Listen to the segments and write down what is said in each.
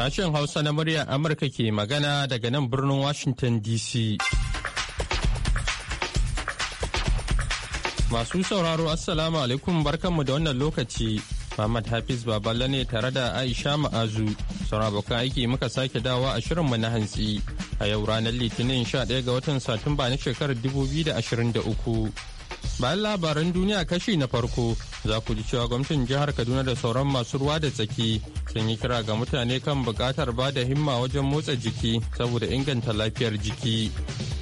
Sashen Hausa na muryar Amurka ke magana daga nan birnin Washington DC. Masu sauraro Assalamu alaikum barkanmu da wannan lokaci. Muhammad Hafiz Baballe ne tare da Aisha Ma'azu. Sauran abokan aiki muka sake dawa a shirinmu na hantsi. A yau ranar Litinin 11 ga watan Satumba na shekarar 2023. Bayan labaran duniya kashi na farko za ku ji cewa gwamnatin jihar Kaduna da sauran masu ruwa da tsaki sun yi kira ga mutane kan buƙatar ba da himma wajen motsa jiki saboda inganta lafiyar jiki.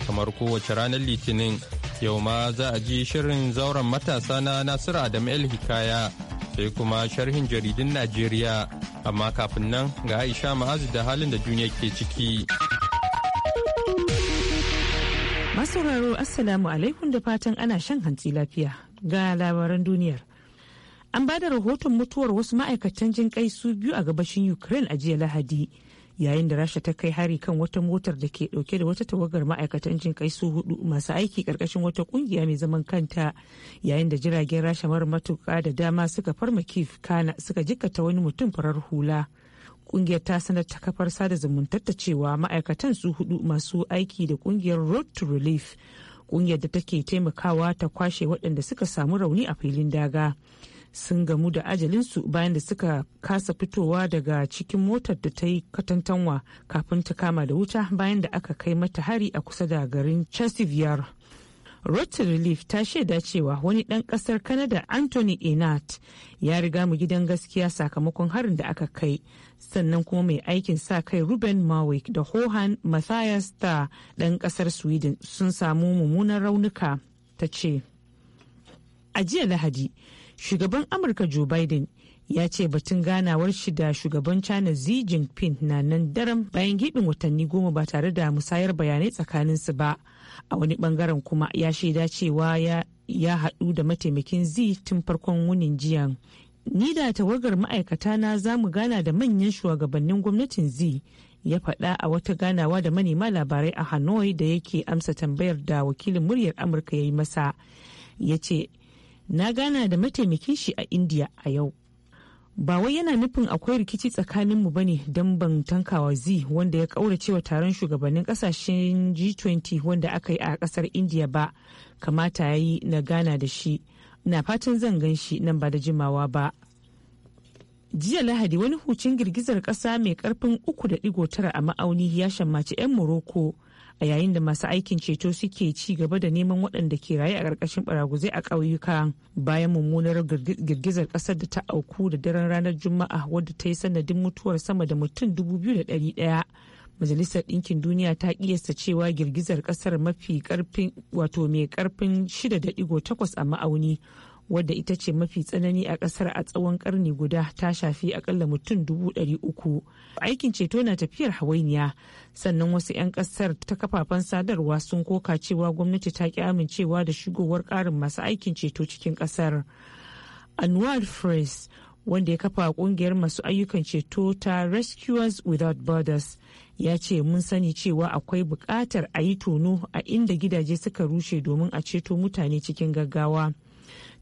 Kamar kowace ranar Litinin yau ma za a ji shirin zauren matasa na Nasiru Adamu El Hikaya sai kuma sharhin jaridun Najeriya amma kafin nan ga Aisha Ma'azu da halin da duniya ke ciki. Masauraro Assalamu alaikum da fatan ana shan hantsi lafiya ga labaran duniyar. An ba da rahoton mutuwar wasu ma'aikatan jin kai su biyu a gabashin Ukraine a jiya Lahadi yayin da Rasha ta kai hari kan wata motar da ke dauke da wata tawagar ma'aikatan jin kai su hudu masu aiki karkashin wata kungiya mai zaman kanta yayin da jiragen Rasha mara matuka da dama suka farma Kiev kana suka jikkata wani mutum farar hula. kungiyar ta sanar ta kafar sada zumunta ta cewa ma'aikatan su hudu masu aiki da kungiyar road to relief kungiyar da take taimakawa ta kwashe waɗanda suka samu rauni a filin daga sun gamu da ajalinsu bayan da suka kasa fitowa daga cikin motar da ta yi katantanwa kafin ta kama da wuta bayan da aka kai mata hari a kusa da garin chesiviyar Rotten Relief ta shaida cewa wani ɗan ƙasar Canada Anthony Enat ya riga mu gidan gaskiya sakamakon harin da aka kai sannan kuma mai aikin sa kai Ruben Mawick da Hohan Matthias ta ɗan ƙasar Sweden sun samu mummunan raunuka ta ce. A jiya Lahadi, shugaban Amurka Joe Biden ya ce batun ganawar shi da shugaban china xi jinping na nan daram bayan gibin watanni goma ba tare da musayar bayanai tsakanin su ba a wani bangaren kuma ya shaida cewa ya haɗu da mataimakin xi tun farkon wunin jiya ni da tawagar ma'aikata na za mu gana da manyan shugabannin gwamnatin xi ya faɗa a wata ganawa da manema labarai a hanoi da yake amsa tambayar da wakilin muryar amurka ya yi masa ya ce na gana da mataimakin shi a indiya a yau ba wai yana nufin akwai rikici tsakanin mu bane don ban tankawa z wanda ya kaura wa taron shugabannin kasashen g20 wanda aka yi a kasar india ba kamata ya yi na gana da shi na fatan zan gan shi nan ba da jimawa ba jiya lahadi wani hucin girgizar kasa mai karfin 3.9 a ma'auni ya shammaci 'yan morocco a yayin da masu aikin ceto suke ci gaba da neman waɗanda ke raye a ƙarƙashin baraguzai a ƙauyuka bayan mummunar girgizar ƙasar da ta auku da daren ranar juma'a wadda ta yi sanadin mutuwar sama da mutum dubu biyu da ɗari ɗaya majalisar ɗinkin duniya ta ƙiyasta cewa girgizar ƙasar mafi ƙarfin wato mai ƙarfin shida da takwas a ma'auni wadda ita ce mafi tsanani a kasar a tsawon karni guda ta shafi akalla mutum dubu ɗari uku aikin ceto na tafiyar hawainiya sannan wasu 'yan kasar ta kafafen sadarwa sun koka cewa gwamnati ta ki amincewa da shigowar ƙarin masu aikin ceto cikin kasar anwar fres wanda ya kafa kungiyar masu ayyukan ceto ta rescuers without borders ya ce mun sani cewa akwai bukatar a yi tono a inda gidaje suka rushe domin a ceto mutane cikin gaggawa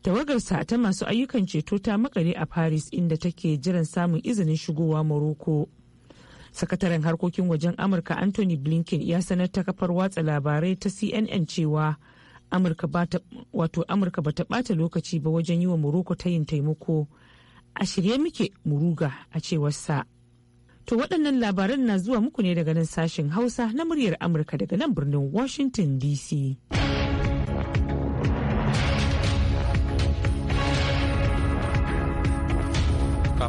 tawagarsa ta masu ayyukan ceto ta makare a paris inda take jiran samun izinin shigowa morocco sakataren harkokin wajen amurka anthony blinken ya sanar ta kafar watsa labarai ta cnn cewa amurka ba ta bata lokaci ba wajen yi wa morocco yin taimako a shirye muke muruga a cewarsa to waɗannan labaran na zuwa muku ne daga nan sashen hausa na muryar amurka daga nan birnin washington dc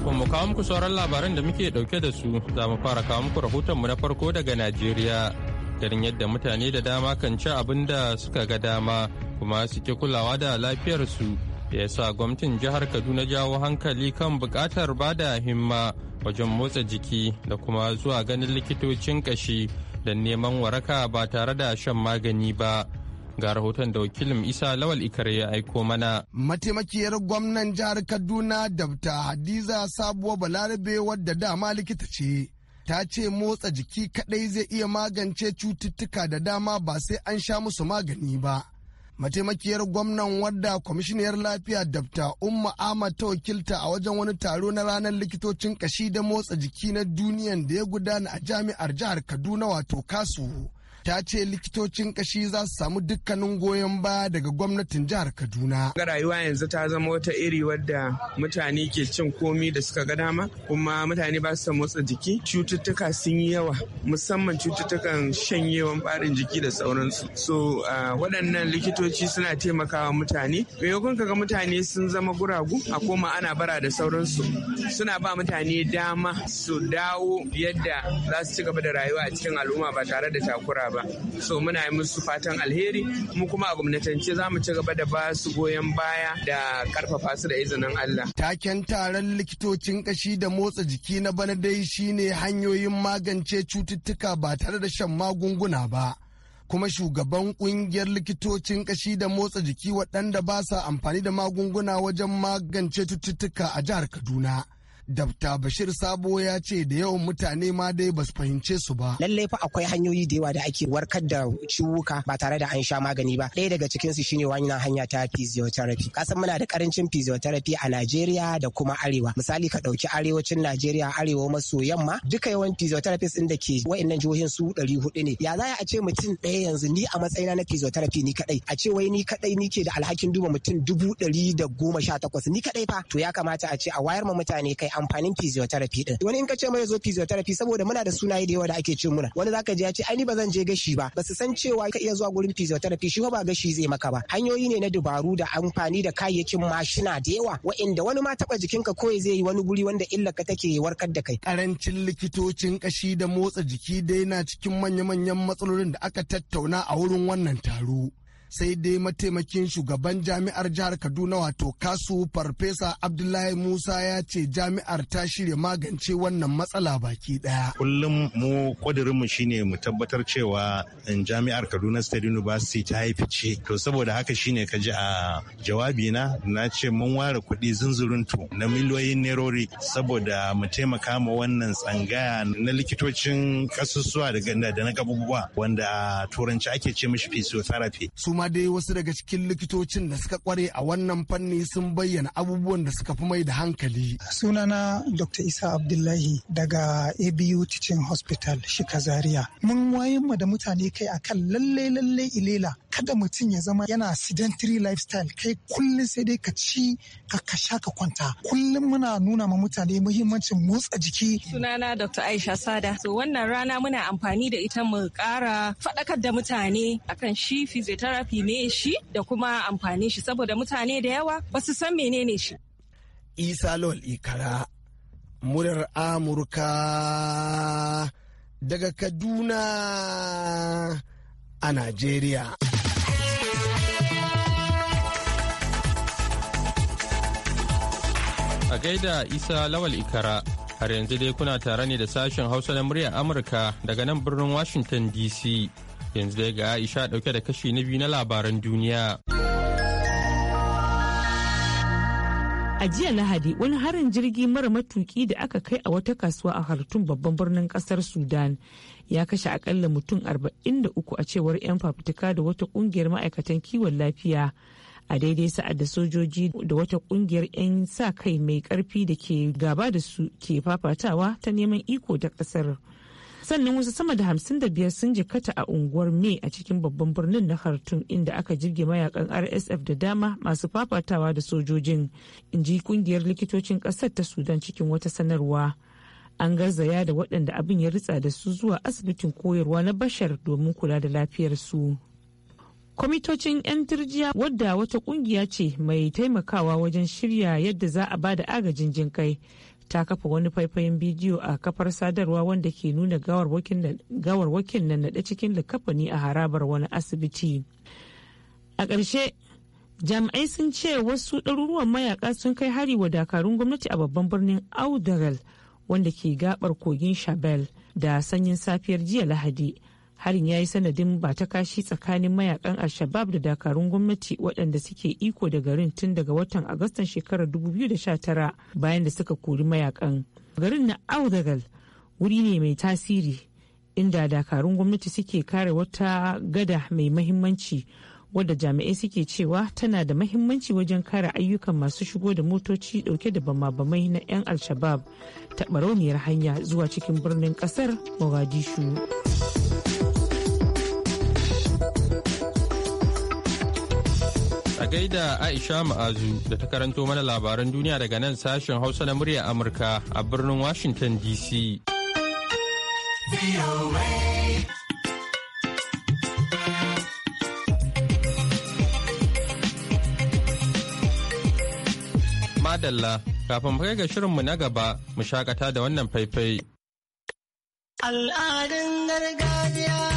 Kafin mu kawo muku sauran labaran da muke dauke da su za mu fara kawo muku rahotonmu na farko daga Najeriya. Garin yadda mutane da dama kan ci abin da suka ga dama kuma suke kulawa da lafiyarsu da ya sa gwamnatin jihar Kaduna jawo hankali kan bukatar da himma wajen motsa jiki da kuma zuwa ganin likitocin kashi da neman waraka ba tare da shan magani ba. Ga rahoton da wakilin Isa Lawal Ikare ya aiko mana. Mataimakiyar gwamnan jihar Kaduna Dabta Hadiza Sabuwa Balarabe wadda dama likita ce. Ta ce motsa jiki kadai zai iya magance cututtuka da dama ba sai an sha musu magani ba. mataimakiyar gwamnan wadda kwamishiniyar lafiya dabta umma ahmad ta wakilta a wajen wani taro na ranar likitocin kashi da motsa jiki na duniyan da ya gudana a jami'ar jihar kaduna wato kasu ta ce likitocin kashi za su samu dukkanin goyon ba daga gwamnatin jihar Kaduna. rayuwa yanzu ta zama wata iri wadda mutane ke cin komi da suka ga dama kuma mutane ba su motsa jiki cututtuka sun yi yawa musamman cututtukan shanyewan barin jiki da sauransu. So waɗannan likitoci suna taimakawa mutane. Maimakon kaga mutane sun zama guragu a koma ana bara da sauransu suna ba mutane dama su dawo yadda za su ci gaba da rayuwa a cikin al'umma ba tare da takura ba. ba so muna yi musu fatan alheri mu kuma a gwamnatance za mu ci gaba da ba su goyon baya da karfafa su da izinin Allah taken taron likitocin kashi da motsa jiki na bana dai shine hanyoyin magance cututtuka ba tare da shan magunguna ba kuma shugaban kungiyar likitocin kashi da motsa jiki waɗanda ba sa amfani da magunguna wajen magance cututtuka a jihar Kaduna Dabta Bashir Sabo ya ce da yawan mutane ma dai basu fahimce su ba. Lallai fa akwai hanyoyi da yawa da ake warkar da ciwuka ba tare da an sha magani ba. Ɗaya daga cikin su shine wannan hanya ta physiotherapy. Kasan muna da karancin physiotherapy a Najeriya da kuma Arewa. Misali ka ɗauki arewacin Najeriya arewa maso yamma duka yawan physiotherapist ɗin da ke wa'annan jihohin su ɗari hudu ne. Ya za a ce mutum ɗaya yanzu ni a matsayina na physiotherapy ni kaɗai. A ce wai ni kaɗai ni ke da alhakin duba mutum dubu ɗari da goma sha takwas ni kaɗai fa. To ya kamata a ce a wayar ma mutane kai amfanin physiotherapy din wani in ka ce mai zo physiotherapy saboda muna da sunaye da yawa da ake ce muna wani zaka je ya ce ai ni ba zan je gashi ba ba su san cewa ka iya zuwa gurin physiotherapy shi ba gashi zai maka ba hanyoyi ne na dabaru da amfani da kayayyakin mashina da yawa wa'inda wani ma taba jikinka ya zai yi wani guri wanda illa ka take warkar da kai karancin likitocin kashi da motsa jiki dai na cikin manya-manyan matsalolin da aka tattauna a wurin wannan taro sai dai mataimakin shugaban jami'ar jihar kaduna wato kasu farfesa abdullahi musa ya ce jami'ar ta shirya magance wannan matsala baki daya kullum mu kudirinmu shine mu tabbatar cewa eh, jami'ar kaduna state university ta yi fice to saboda haka shine ka ji a jawabi na na ce mun ware kuɗi zunzuruntu na miliyoyin nerori saboda mu taimaka ma wannan tsangaya na likitocin kasusuwa da na gabubuwa wanda a turanci ake ce mishi physiotherapy ma dai wasu daga cikin likitocin da suka kware a wannan fanni sun bayyana abubuwan da suka fi mai da hankali. Sunana Dr. Isa Abdullahi daga ABU Teaching Hospital Shika Zaria. Mun wayan mu da mutane kai akan lalle lalle ilela kada mutum ya zama yana sedentary lifestyle kai kullum sai dai ka ci ka kasha ka kwanta. Kullum muna nuna ma mutane muhimmancin motsa jiki. Sunana Dr. Aisha Sada. So wannan rana muna amfani da ita mu kara faɗakar da mutane akan shi physiotherapy tsafi ne shi da kuma amfanin shi saboda mutane da yawa ba su san menene shi. Isa Lol Ikara, murar Amurka daga Kaduna a Najeriya. A gaida Isa Lawal Ikara, har yanzu dai kuna tare ne da sashen Hausa na muryar Amurka daga nan birnin Washington DC. Yanzu ga Aisha dauke da kashi na biyu na labaran duniya. A jiya Lahadi wani harin jirgi mara matuki da aka kai a wata kasuwa a hartun babban birnin kasar Sudan ya kashe akalla mutum 43 a cewar 'yan fafutuka da wata kungiyar ma'aikatan kiwon lafiya a daidai sa'ad da sojoji da wata kungiyar 'yan sa kai mai karfi da ke gaba da su ke fafatawa ta neman iko da kasar. sannan wasu sama da hamsin da biyar sun jikata a unguwar me a cikin babban birnin na hartun inda aka jirge mayakan rsf da dama masu fafatawa da sojojin in ji kungiyar likitocin kasar ta sudan cikin wata sanarwa an garzaya da waɗanda abin ya ritsa da su zuwa asibitin koyarwa na bashar domin kula da lafiyar su. kwamitocin 'yan turjiya wadda wata kungiya ce mai taimakawa wajen shirya yadda za a ba da agajin jinkai ta kafa wani faifayen bidiyo a kafar sadarwa wanda ke nuna gawarwakin na naɗe cikin likafani a harabar wani asibiti a ƙarshe jami'ai sun ce wasu ɗaruruwan mayaka sun kai hari wa dakarun gwamnati a babban birnin audagal wanda ke gabar kogin shabel da sanyin safiyar jiya lahadi harin ya yi sanadin ba ta kashi tsakanin mayakan al-shabab da dakarun gwamnati waɗanda suke iko da garin tun daga watan agustan shekarar 2019 bayan da suka kori mayakan garin na audagal wuri ne mai tasiri inda dakarun gwamnati suke kare wata gada mai mahimmanci wadda jami'ai suke cewa tana da mahimmanci wajen kare ayyukan masu shigo da motoci dauke da bama-bamai na 'yan al-shabab ta barauniyar hanya zuwa cikin birnin kasar mogadishu A gaida Aisha Ma'azu da ta karanto mana labaran duniya daga nan sashen Hausa na murya Amurka a birnin Washington DC. Madalla, kafin mu kai ga shirinmu na gaba mu shakata da wannan faifai. Al'adun gargajiya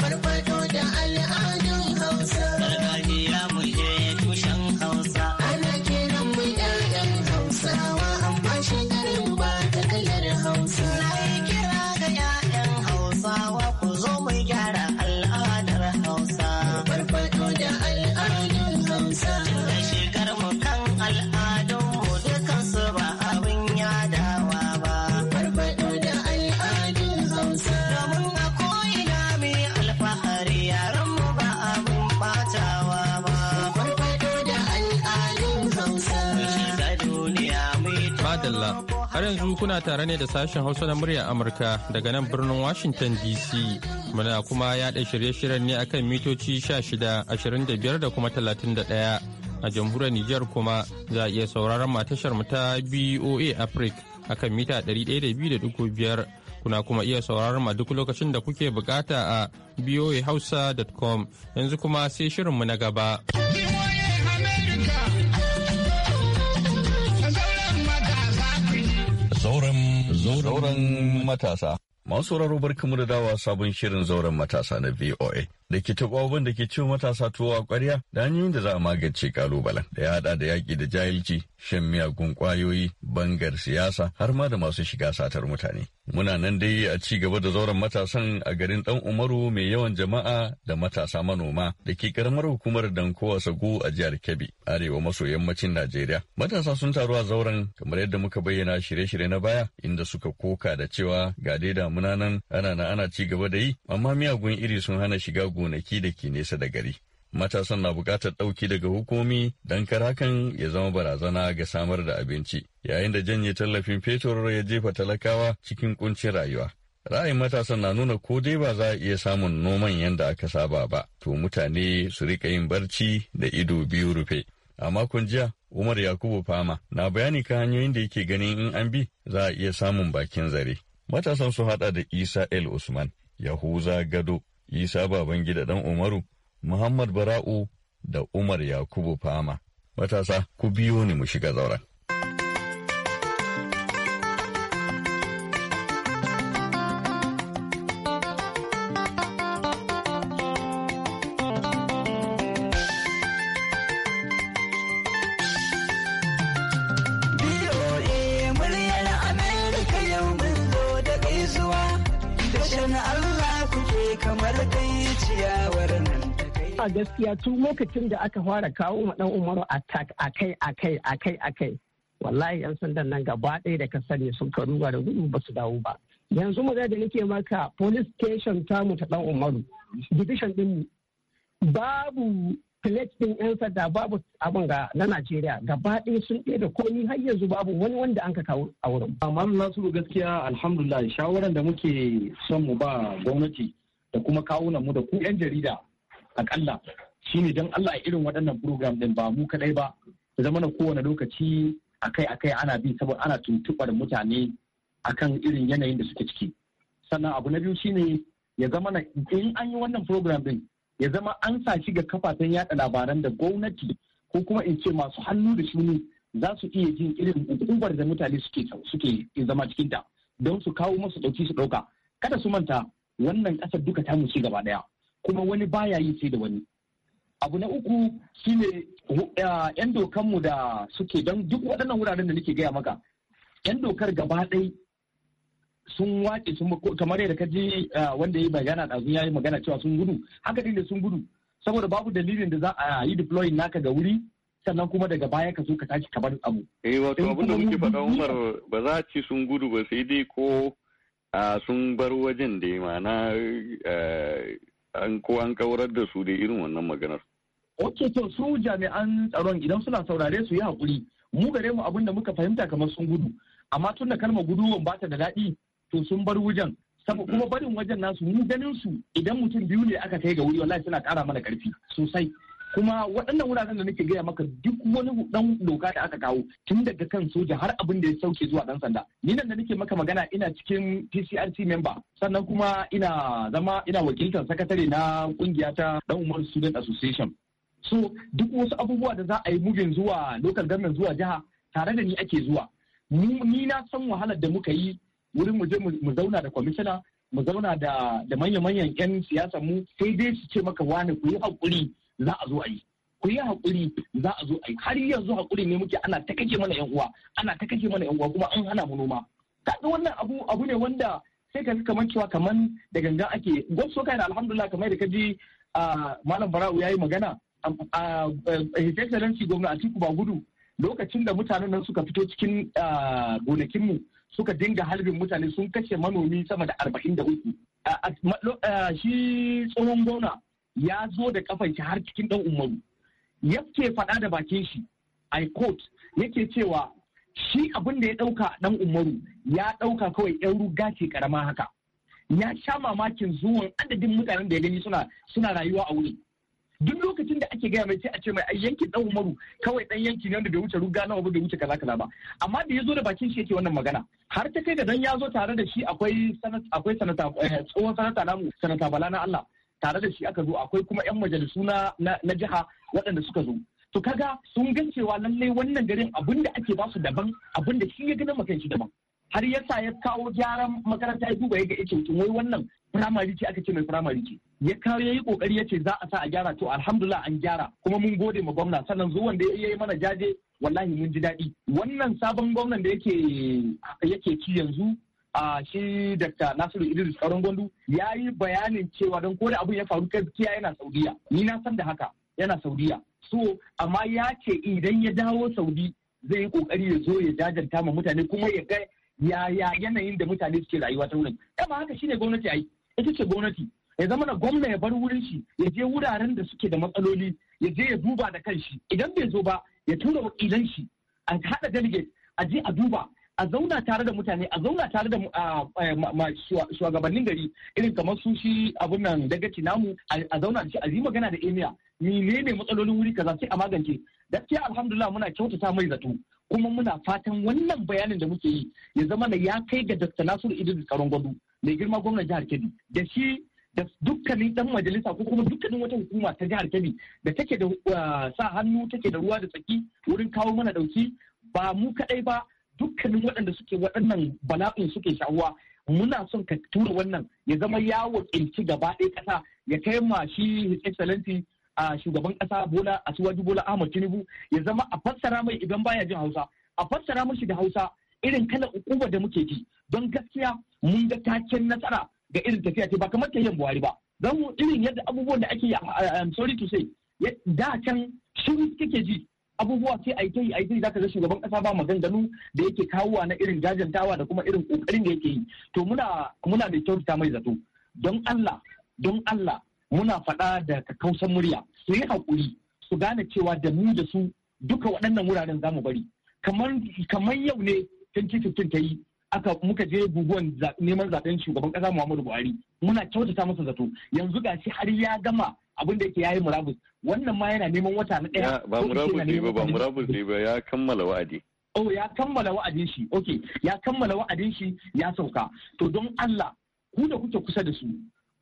farfado da al'ada kuna tare ne da sashen Hausa na murya Amurka daga nan birnin Washington DC. Muna kuma yaɗa shirye-shiryen ne akan mitoci 16, 25 da kuma 31. A jamhuriyar Nijar kuma za a iya sauraron tashar mu ta BOA Africa akan mita 102.5. Kuna kuma iya sauraron ma duk lokacin da kuke bukata a boahausa.com. Yanzu kuma sai shirinmu na gaba. zauren matasa. Masu sauraro bar da dawa sabon shirin zauren matasa na VOA. da ke taɓa da ke ciwo matasa tuwo a ƙwarya da hanyoyin da za a magance ƙalubalen. da ya haɗa da yaƙi da jahilci shan miyagun ƙwayoyi bangar siyasa har ma da masu shiga satar mutane. Muna nan dai a ci gaba da zauren matasan a garin ɗan Umaru mai yawan jama'a da matasa manoma da ke ƙaramar hukumar Dankowa Sago a jihar Kebbi, arewa maso yammacin Najeriya. Matasa sun taru a zauren kamar yadda muka bayyana shirye-shirye na baya inda suka koka da cewa ga dai damuna nan ana na ana ci gaba da yi amma miyagun iri sun hana shiga gonaki da ke nesa da gari. Matasan na bukatar ɗauki daga hukumi don kar hakan ya zama barazana ga samar da abinci, yayin da janye tallafin fetur ya jefa talakawa cikin kuncin rayuwa. Ra'ayin matasan na nuna ko dai ba za a iya samun noman yadda aka saba ba, to mutane su riƙa yin barci da ido biyu rufe. A makon jiya, Umar Yakubu Fama na bayani kan hanyoyin da yake ganin in an bi za a iya samun bakin zare. Matasan su haɗa da Isa El Usman, Yahuza Gado, Isa Babangida dan Umaru, Muhammad Bara'u da Umar Yakubu Fama. Matasa, ku biyo ni mu shiga zauren. gaskiya tun lokacin da aka fara kawo ma dan umaru attack akai akai akai akai wallahi yan sandan nan gaba ɗaya da ka sani sun karuwa da gudu ba su dawo ba yanzu mu da nake maka police station mu ta dan umaru division din babu plate din yan sanda babu abin ga na Najeriya gaba ɗaya sun ɗaya da komi har yanzu babu wani wanda an ka kawo a wurin. Amma Nasiru gaskiya alhamdulillah shawaran da muke son mu ba gwamnati da kuma kawunan mu da ku yan jarida akalla shine don Allah a irin waɗannan program din ba mu kaɗai ba zama na kowane lokaci akai akai ana bi saboda ana tuntubar mutane kan irin yanayin da suke ciki sannan abu na biyu shine ya zama na in an yi wannan program din ya zama an sa shi ga kafafen yada labaran da gwamnati ko kuma in ce masu hannu da shuni za su iya jin irin hukumar da mutane suke suke zama cikin ta don su kawo masu dauki su ɗauka. kada su manta wannan ƙasar duka ta mu ci gaba ɗaya. kuma wani baya yi sai da wani abu na uku shine yan dokanmu da suke don duk waɗannan wuraren da nake gaya maka yan dokar gaba ɗai sun waƙe sun kamar yadda kaji wanda ya yi magana ɗazu ya yi magana cewa sun gudu haka ne sun gudu saboda babu dalilin da za a yi deploy naka ga wuri sannan kuma daga baya ka zo ka tashi kamar abu. Eh wato abin da muke faɗa Umar ba za ci sun gudu ba sai dai ko sun bar wajen da an ko an kaurar da su da irin wannan maganar. Ok, to su jami'an tsaron idan suna saurare su yi haƙuri, mu gare mu abin da muka fahimta kamar sun gudu, amma tun da kalmar gudu ba ta da daɗi, to sun bar wajen. kuma barin wajen nasu mu ganin su idan mutum biyu ne aka kai ga wuri wallahi suna ƙara mana ƙarfi sosai. kuma waɗannan wuraren da nake gaya maka duk wani dan doka da aka kawo tun daga kan soja har abin da ya sauke zuwa dan sanda ni nan da nake maka magana ina cikin PCRC member sannan kuma ina zama ina wakiltar sakatare na kungiya ta dan Umar Student Association so duk wasu abubuwa da za a yi mugin zuwa local government zuwa jiha tare da ni ake zuwa ni na san wahalar da muka yi wurin mu je mu zauna da kwamishina mu zauna da manya-manyan 'yan siyasa mu sai dai su ce maka wani ku yi haƙuri za a zo a yi ku yi haƙuri za a zo a yi har yanzu hakuri ne muke ana ta kake mana yan uwa ana ta kake mana yan uwa kuma an hana mu noma kaga wannan abu abu ne wanda sai ka kamar cewa kaman da gangan ake so kai alhamdulillah kamar da ka ji malam Bara'u yayi magana a his excellency gwamna Atiku ba gudu lokacin da mutanen nan suka fito cikin gonakinmu suka dinga harbin mutane sun kashe manomi sama da arba'in da uku shi tsohon gwamna ya zo da kafan shi har cikin dan umaru yake faɗa da bakin shi i quote yake cewa shi abin da ya ɗauka dan umaru ya ɗauka kawai yan ruga ce karama haka ya sha mamakin zuwan adadin mutanen da ya gani suna suna rayuwa a wurin duk lokacin da ake gaya mai sai a ce mai ai yankin dan umaru kawai dan yanki ne wanda bai wuce ruga nawa ba bai wuce kaza kaza ba amma da yazo da bakin shi yake wannan magana har ta kai ga dan yazo tare da shi akwai sanata akwai sanata eh, tsohon sanata namu sanata bala na Allah tare da shi aka zo akwai kuma 'yan majalisu na na jiha waɗanda suka zo to kaga sun gan cewa lallai wannan garin abin da ake basu daban abin da shi ya gina makan shi daban har yasa ya kawo gyaran makaranta ya duba ya ga ya wai wannan firamare ce aka ce mai firamare ce ya kawo ya yi kokari ya ce za a sa a gyara to alhamdulillah an gyara kuma mun gode ma gwamna sannan zuwan da ya yi mana jaje wallahi mun ji daɗi wannan sabon gwamnan da yake yake ci yanzu a shi Dr. Nasiru Idris Karon gondu ya yi bayanin cewa don ko da abin ya faru gaskiya yana Saudiya. Ni na san da haka yana Saudiya. So amma ya ce idan ya dawo Saudi zai yi kokari ya zo ya jajanta ma mutane kuma ya ga yaya yanayin da mutane suke rayuwa ta wurin. amma haka shine gwamnati ai. Ita ce gwamnati. Ya zama na gwamna ya bar wurin shi ya je wuraren da suke da matsaloli ya je ya duba da kanshi. Idan bai zo ba ya tura wakilan shi a haɗa delegate a je a duba a zauna tare da mutane a zauna tare da shugabannin gari irin kamar su shi abun nan dagaci namu a zauna da shi a yi magana da emiya menene matsalolin wuri kaza sai a magance gaskiya alhamdulillah muna kyautata mai zato kuma muna fatan wannan bayanin da muke yi ya zama da ya kai ga Dr. Nasiru Idris Karon Gwado mai girma gwamnan jihar Kebbi da shi da dukkanin dan majalisa ko kuma dukkanin wata hukuma ta jihar Kebbi da take da uh, sa hannu take da ruwa da tsaki wurin kawo mana dauki ba mu kaɗai ba dukkanin waɗanda suke waɗannan bala'in suke shawuwa muna son ka tura wannan ya zama ya wakilci gaba ɗaya ƙasa ya kai ma shi his a shugaban ƙasa bola a asuwaji bola ahmad tinubu ya zama a fassara mai idan baya jin hausa a fassara mashi da hausa irin kalar ukuba da muke ji don gaskiya mun ga taken nasara ga irin tafiya ce ba kamar ta yin buhari ba don irin yadda abubuwan da ake sorry to say da can shiru kake ji abubuwa ce a yi ta a yi zaka ga shugaban kasa ba maganganu da yake kawowa na irin jajantawa da kuma irin kokarin da yake yi to muna muna da kyautata mai zato don Allah don Allah muna faɗa da kakausan murya su yi hakuri, su gane cewa da mu da su duka waɗannan wuraren zamu bari kamar kamar yau ne 2015 ta yi aka muka je guguwan neman zaben shugaban kasa Muhammadu Buhari muna kyautata masa zato yanzu gashi har ya gama abin da yake yayi murabus wannan ma yana neman wata na daya ba murabus ne ba ba murabus ne ba ya kammala wa'adi oh ya kammala wa'adin shi okay ya kammala wa'adin shi ya sauka to don Allah ku da kuke kusa da su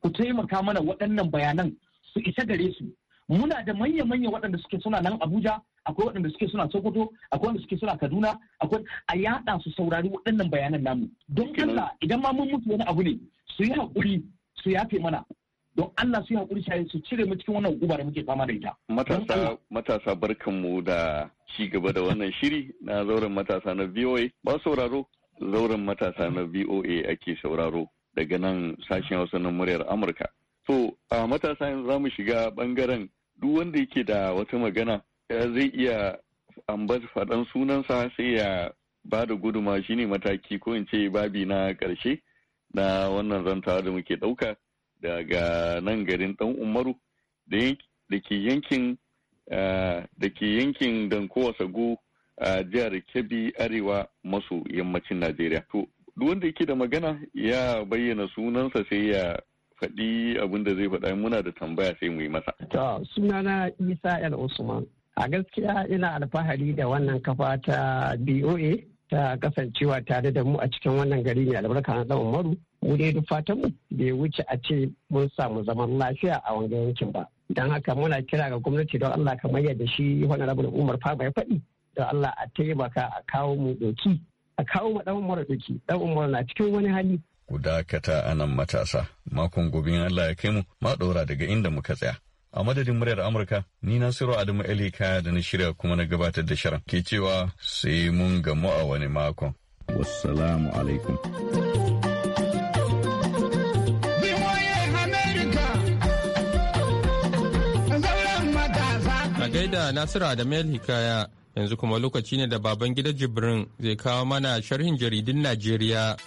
ku taimaka mana waɗannan bayanan su isa gare su muna da manya-manya waɗanda suke suna nan Abuja akwai waɗanda suke suna Sokoto akwai waɗanda suke suna Kaduna akwai a yaɗa su saurari waɗannan bayanan namu don Allah idan ma mun mutu wani abu ne su yi haƙuri su yafe mana don Allah su yi hakuri su cire mu cikin wannan guba da muke fama da ita. Matasa matasa barkanmu da ci gaba da wannan shiri na zauren matasa na VOA ba sauraro zauren matasa na VOA ake sauraro daga nan sashen Hausa na muryar Amurka. to a matasa yanzu za mu shiga bangaren duk wanda yake da wata magana zai iya ambar faɗan sunansa sai ya ba da guduma shine mataki ko in ce babi na ƙarshe na wannan zantawa da muke ɗauka daga nan garin dan umaru da ke yankin da ke yankin dankowa sago a jihar kebbi arewa maso yammacin najeriya to duk wanda yake da magana ya bayyana sunansa sai ya faɗi abin da zai faɗa muna da tambaya sai mu yi masa to sunana isa el usman a gaskiya ina alfahari da wannan kafa ta boa ta kasancewa tare da mu a cikin wannan gari mai albarka na dan umaru mu dai duk mu bai wuce a ce mun samu zaman lafiya a wanga yankin ba don haka muna kira ga gwamnati don Allah kamar da shi honorable Umar fa ya faɗi don Allah a taimaka a kawo mu doki a kawo ma ɗan Umar doki ɗan Umar na cikin wani hali ku dakata a nan matasa makon gobe Allah ya kai mu ma ɗora daga inda muka tsaya a madadin muryar Amurka ni Nasiru Adamu Eli kaya da na shirya kuma na gabatar da shirin ke cewa sai mun gamu a wani makon wassalamu alaikum A gaida Nasira da mail Hikaya yanzu kuma lokaci ne da baban gida Jibrin zai kawo mana sharhin jaridun Najeriya.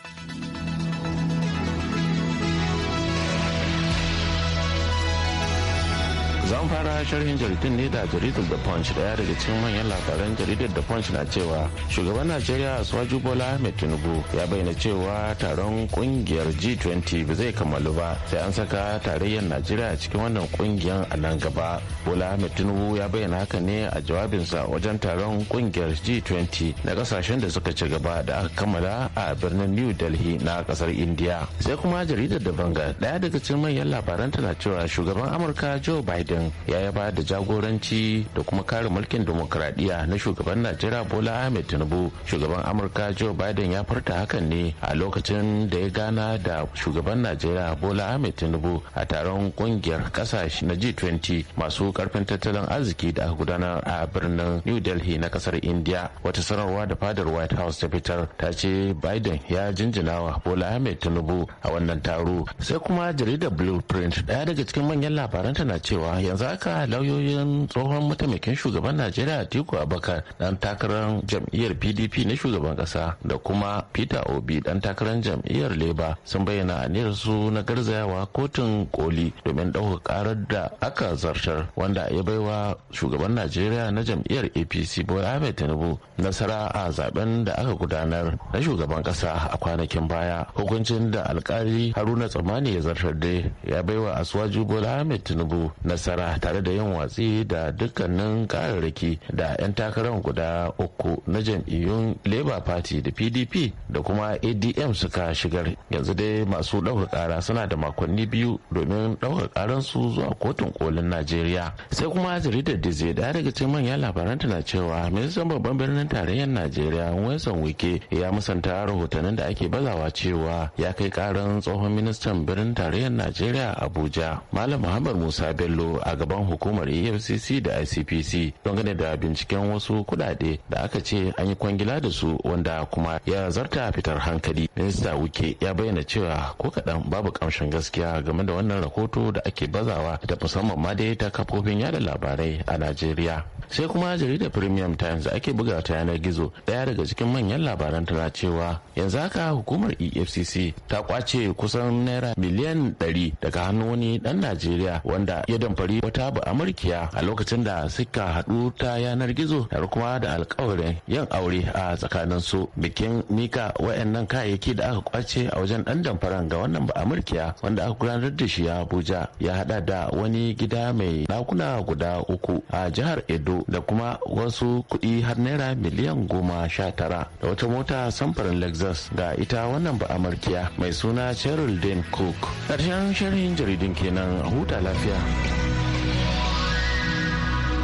zan fara sharhin jaridun ne da jaridar da punch daya daga cikin manyan labaran jaridar da punch na cewa shugaban najeriya swaju bola ahmed tinubu ya bayyana cewa taron kungiyar g20 ba zai kammalu ba sai an saka tarayyar najeriya cikin wannan kungiyar a nan gaba bola ahmed tinubu ya bayyana haka ne a jawabinsa wajen taron kungiyar g20 na kasashen da suka ci gaba da aka kammala a birnin new delhi na kasar india sai kuma jaridar da banga daya daga cikin manyan labaran tana cewa shugaban amurka joe biden buhari ya yaba da jagoranci da kuma kare mulkin demokradiyya na shugaban najeriya bola ahmed tinubu shugaban amurka joe biden ya furta hakan ne a lokacin da ya gana da shugaban najeriya bola ahmed tinubu a taron kungiyar kasashe na g20 masu karfin tattalin arziki da aka gudanar a birnin new delhi na kasar india wata sanarwa da fadar white house ta fitar ta ce biden ya jinjinawa wa bola ahmed tinubu a wannan taro sai kuma jaridar blueprint daya daga cikin manyan labaranta na cewa yanzu haka lauyoyin tsohon mataimakin shugaban najeriya atiku abakar dan takarar jam'iyyar pdp na shugaban kasa da kuma peter obi dan takarar jam'iyyar labour sun bayyana aniyar su na garzayawa kotun koli domin ɗaukar karar da aka zartar wanda ya baiwa shugaban najeriya na jam'iyyar apc bola ahmed tinubu nasara a zaben da aka gudanar na shugaban kasa a kwanakin baya hukuncin da alkali haruna tsamani ya zartar dai ya baiwa asuwaju bola ahmed tinubu nasara takara tare da yin watsi da dukkanin kararraki da 'yan takarar guda uku na jam'iyyun labour party da pdp da kuma adm suka shigar yanzu dai masu ɗaukar kara suna da makonni biyu domin ɗaukar karansu zuwa kotun kolin najeriya sai kuma jaridar zai daya daga cikin manyan labaranta na cewa ministan babban birnin tarayyar najeriya wilson wike ya musanta rahotannin da ake bazawa cewa ya kai karan tsohon ministan birnin tarayyar najeriya abuja malam muhammad musa bello a gaban hukumar efcc da icpc dangane da binciken wasu kudade da aka ce an yi kwangila da su wanda kuma ya zarta fitar hankali minista wuke ya bayyana cewa ko kadan babu kamshin gaskiya game da wannan rahoto da ake bazawa da musamman ma dai ta kafofin yada labarai a najeriya sai kuma jaridar premium times da ake buga ta yanar gizo daya daga cikin manyan labaran tana cewa yanzu haka hukumar efcc ta kwace kusan naira miliyan 100 daga hannun wani dan najeriya wanda ya damfari wata ba amurkiya a lokacin da suka haɗu ta yanar gizo da kuma da alkawarin yin aure a tsakanin su bikin mika wayannan kayayyaki da aka kwace a wajen ɗan damfaran ga wannan ba amurkiya wanda aka gudanar da shi a abuja ya haɗa da wani gida mai ɗakuna guda uku a jihar edo da kuma wasu kuɗi har naira miliyan goma sha tara da wata mota samfurin lexus ga ita wannan ba amurkiya mai suna cheryl dane cook ƙarshen sharhin jaridin kenan huta lafiya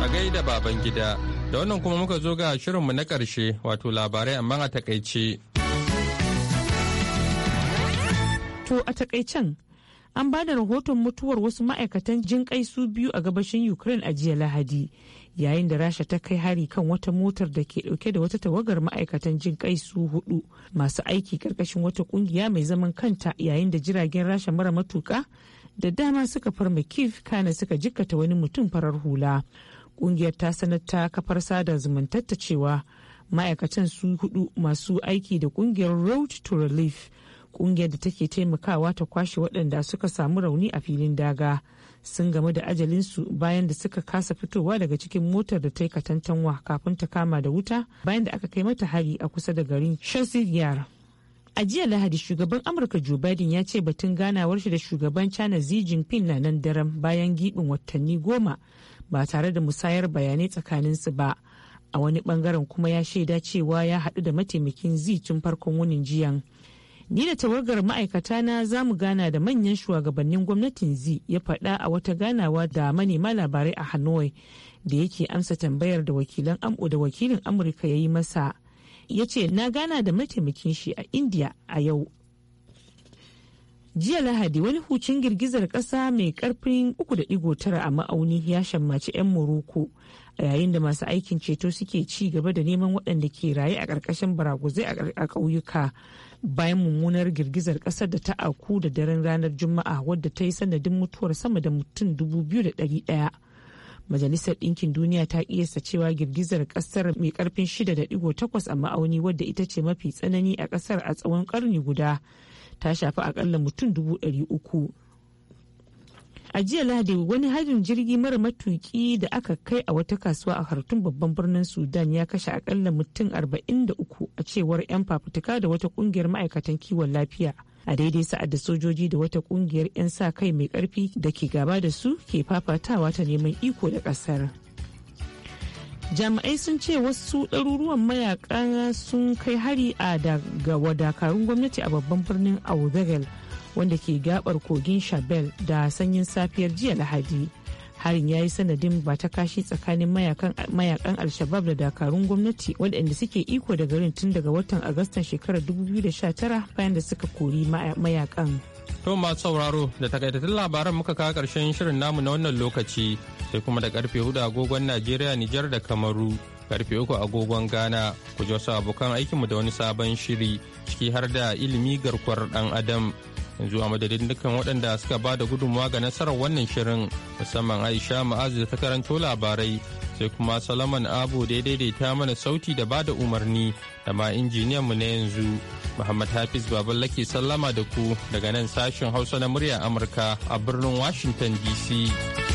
A gaida baban gida, da wannan kuma muka zo ga shirinmu na ƙarshe wato labarai amma a takaice. To a takaicen an ba da rahoton mutuwar wasu ma'aikatan kai su biyu a gabashin Ukraine a jiya Lahadi. yayin da rasha ta kai hari kan wata motar da ke dauke da wata tawagar ma'aikatan jin kai su hudu masu aiki karkashin wata kungiya mai zaman kanta yayin da jiragen rasha mara matuka da dama suka farma kif kana suka jikkata wani mutum farar hula kungiyar ta sanar kafar sada zumuntarta cewa ma'aikatan su hudu masu aiki da kungiyar road to relief kungiyar da take taimakawa ta kwashe waɗanda suka samu rauni a filin daga sun gamu da ajalinsu bayan da suka kasa fitowa daga cikin motar da ta yi katantanwa kafin ta kama da wuta bayan da aka kai mata hari a kusa da garin shasiriyar a jiya lahadi shugaban amurka joe biden ya ce batun ganawar shi da shugaban china xi jinping na nan daren bayan giɓin watanni goma ba tare da musayar bayanai tsakaninsu ba a wani bangaren kuma ya shaida cewa ya haɗu da mataimakin zi tun farkon wunin jiyan ni da tawagar ma'aikata na za mu gana da manyan shugabannin gwamnatin zi ya faɗa a wata ganawa da manema labarai a hanoi da yake amsa tambayar da wakilan am'o da wakilin amurka ya yi masa ya ce na gana da mataimakin shi a india a yau jiya lahadi wani hucin girgizar kasa mai karfin 3.9 a ma'auni ya shammaci 'yan morocco a yayin da masu aikin ceto suke ci gaba da neman waɗanda ke raye a ƙarƙashin baraguzai a ƙauyuka bayan mummunar girgizar ƙasar da ta aku da daren ranar juma'a wadda ta yi sanadin mutuwar sama da mutum ɗaya. majalisar ɗinkin duniya ta ƙiyasta cewa girgizar ƙasar mai ƙarfin 6.8 a ma'auni wadda ita ce mafi tsanani a ƙasar a tsawon ƙarni guda ta shafi akalla mutum dubu ɗari uku. A jiya Lahadi wani harin jirgi mara matuƙi da aka kai a wata kasuwa a hartun babban birnin Sudan ya kashe akalla mutum arba'in da uku a cewar 'yan fafutuka da wata ƙungiyar ma'aikatan kiwon lafiya. A daidai sa'ad da sojoji da wata ƙungiyar 'yan sa kai mai ƙarfi da ke gaba da su ke fafatawa ta neman iko da ƙasar. jami'ai sun ce wasu ɗaruruwan mayaka sun kai hari a daga wadakarun gwamnati a babban birnin audegal wanda ke gabar kogin shabel da sanyin safiyar jiya lahadi harin ya yi sanadin ba ta kashi tsakanin mayakan alshabab da dakarun gwamnati waɗanda suke iko da garin tun daga watan agustan shekarar 2019 bayan da suka kori mayakan To masu sauraro da takaitattun labaran muka kawo karshen shirin namu na wannan lokaci sai kuma da karfe hudu agogon Najeriya, Nijar da Kamaru. Karfe uku agogon Ghana ku ji wasu abokan aikinmu da wani sabon shiri ciki har da ilimi garkuwar ɗan adam. yanzu a madadin dukkan waɗanda suka ba da gudunmawa ga nasarar wannan shirin musamman aisha ma'azu da ta karanto labarai sai kuma Solomon Abu daidai da ta mana sauti da bada umarni da ma mu na yanzu Muhammad Hafiz Baballake sallama da ku daga nan sashen Hausa na murya Amurka a birnin Washington DC.